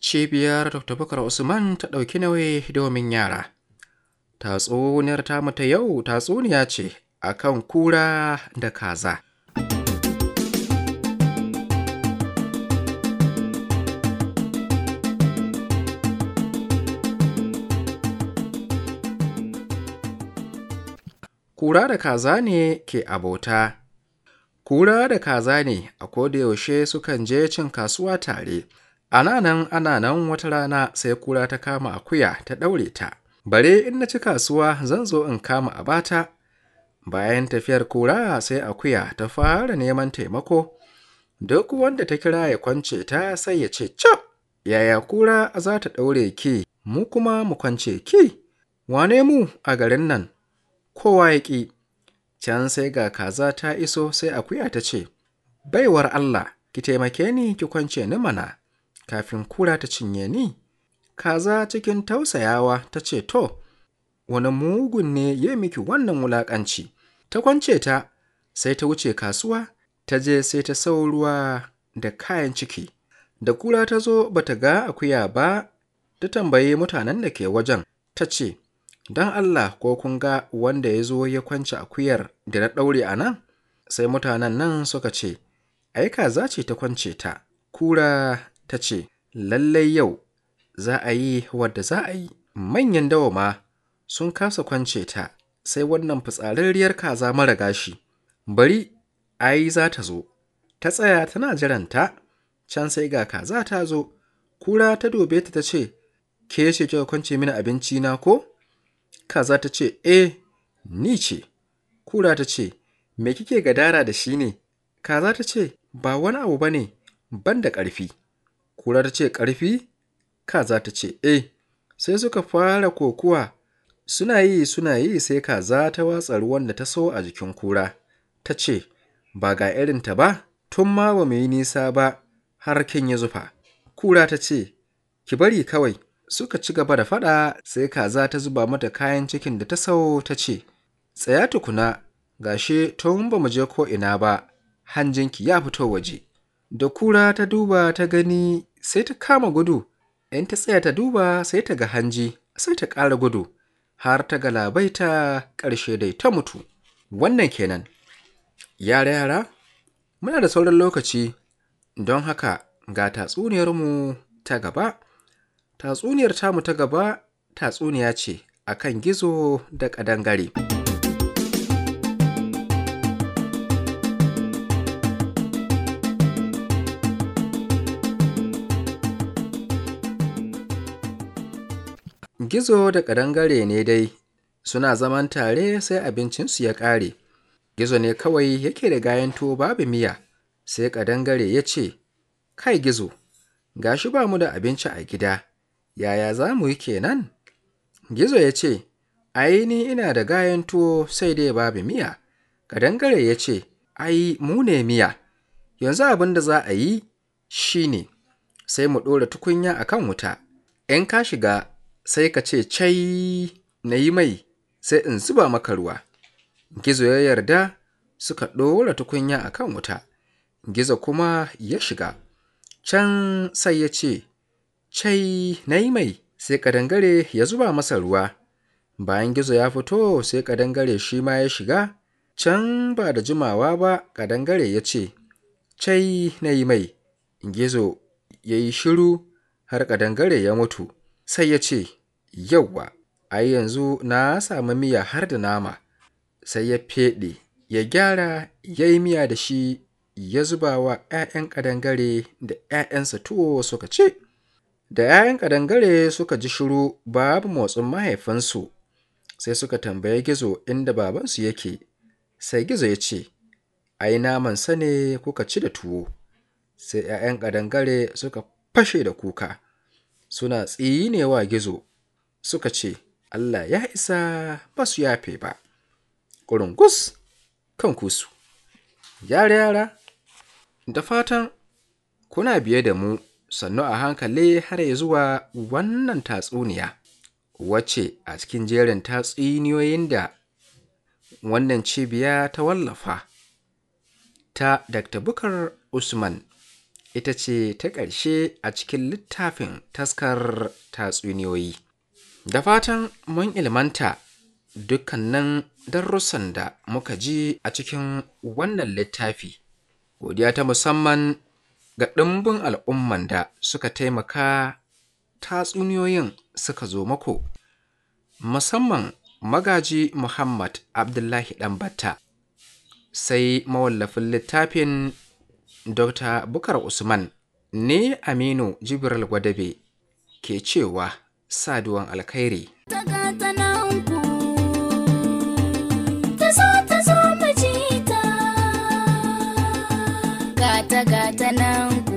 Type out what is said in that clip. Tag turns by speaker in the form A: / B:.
A: cibiyar dr bakar usman ta ɗauki nauyi domin yara tatsuniyar tamu ta yau tatsuniya ce akan kura da kaza kura da kaza ne ke abota kura da kaza ne a yaushe sukan je cin kasuwa tare Ana nan ana nan wata rana sai kura ta kama akuya ta ɗaure ta. Bare in na ci kasuwa zan zo in kama a bata. Bayan tafiyar kura sai akuya ta fara neman taimako. Duk wanda ta kira ya kwance ta sai ya ce cap. Yaya kura za ta ɗaure ki mu kuma mu kwance ki? Wane mu a garin nan? Kowa ya ƙi. Can sai ga kaza ta iso sai akuya ta ce, Baiwar Allah, ki taimake ni ki kwance ni mana. kafin kura ta cinye ni? Kaza cikin tausayawa ta ce, To, wani mugun ne ya miki wannan wulaƙanci, ta kwance ta sai ta wuce kasuwa, ta je sai ta sau ruwa da kayan ciki. Da kura ta zo ba ta ga akuya ba, ta tambaye mutanen da ke wajen, ta ce, Don Allah ko kun ga wanda ya zo ya kwance akuyar da na ɗaure a nan? Sai mutanen nan suka ce, Ai, kaza ce ta kwance ta, kura ta ce lallai yau za a yi wadda za a yi manyan dawa ma sun kasa kwance ta sai wannan fitsararriyar kaza mara gashi bari A yi za ta zo ta tsaya tana jiranta can sai ga kaza ta zo kura ta dobe ta ta ce ke ce kika kwance mini abinci na ko kaza ta ce e, ni ce kura ta ce me kike gadara da shi ne kaza ta ce ba wani abu ba ne, ban da ƙarfi Kura ta ce ƙarfi? Kaza ta ce e. Sai suka fara kokuwa suna yi suna yi sai kaza ta watsa ruwan da ta so a jikin kura. Ta ce ba ga irinta ba tun ma ba mu yi nisa ba har kin ya zufa. Kura ta ce ki bari kawai suka ci gaba da faɗa sai kaza ta zuba mata kayan cikin da ta so. ta ce tsaya tukuna gashe tun ba mu je ko'ina ina ba hanjinki ya fito waje da kura ta duba ta gani sai ta kama gudu in ta tsaya ta duba sai ta ga hanji sai ta ƙara gudu har ta galabai ta ƙarshe dai ta mutu wannan kenan yara yara muna da sauran lokaci don haka ga tatsuniyarmu ta gaba tatsuniyar tamu ta gaba tatsuniya ce a kan gizo da ƙadangare. Gizo da ƙadangare ne dai suna zaman tare sai abincinsu ya ƙare. Gizo ne kawai yake da gayan tuwo babu miya, sai ƙadangare ya ce, Kai gizo, gashi ba mu da abinci a gida, yaya za mu yi kenan? Gizo ya ce, Ai, ni ina da gayan tuwo sai dai babu miya. Ƙadangare ya ce, Ai, mu ne miya, yanzu abin da za a yi shi ne, sai mu ɗora tukunya a kan wuta, 'Yan ka shiga sai ka ce cai na yi mai sai in zuba maka ruwa. Gizo ya yarda suka ɗora tukunya a kan wuta, gizo kuma ya shiga. Can sai ya ce, cai na yi mai sai ƙadangare ya zuba masa ruwa. Bayan gizo ya fito sai ƙadangare shi ma ya shiga, can ba da jimawa ba ƙadangare ya ce, cai na yi mai, gizo ya yi shiru har ƙadangare ya mutu, sai ya ce, Yauwa, ai yanzu na samu miya har da nama. Sai ya feɗe, ya gyara, ya yi miya da shi, ya zuba wa ‘ya'yan ƙadangare da ‘ya'yansa tuwo suka ce. Da ‘ya'yan ƙadangare suka ji shiru babu motsin mahaifansu, sai suka tambayi Gizo inda babansu yake, sai Gizo ya ce, Ai, sa ne kuka ci da tuwo. Sai ‘ya'yan ƙadangare suka fashe da kuka, suna tsinewa Gizo. suka ce Allah ya isa ba su yafe ba ƙurungus kan kusu yare yara da fatan kuna biye da mu sannu a hankali har ya zuwa wannan tatsuniya wacce a cikin jerin tatsuniyoyin da wannan cibiya ta wallafa ta Dr. Bukar Usman ita ce ta ƙarshe a cikin littafin taskar tatsuniyoyi. Da fatan mun ilmanta dukkanin darussan da muka ji a cikin wannan littafi. Godiya ta musamman ga ɗimbin al'umman da suka taimaka tatsuniyoyin suka zo mako, musamman magaji Muhammad Abdullahi Ɗanbata, sai mawallafin littafin Dr. Bukar Usman ne Aminu Jibril Gwadabe ke cewa saduwan alkhairi. Gata gata nan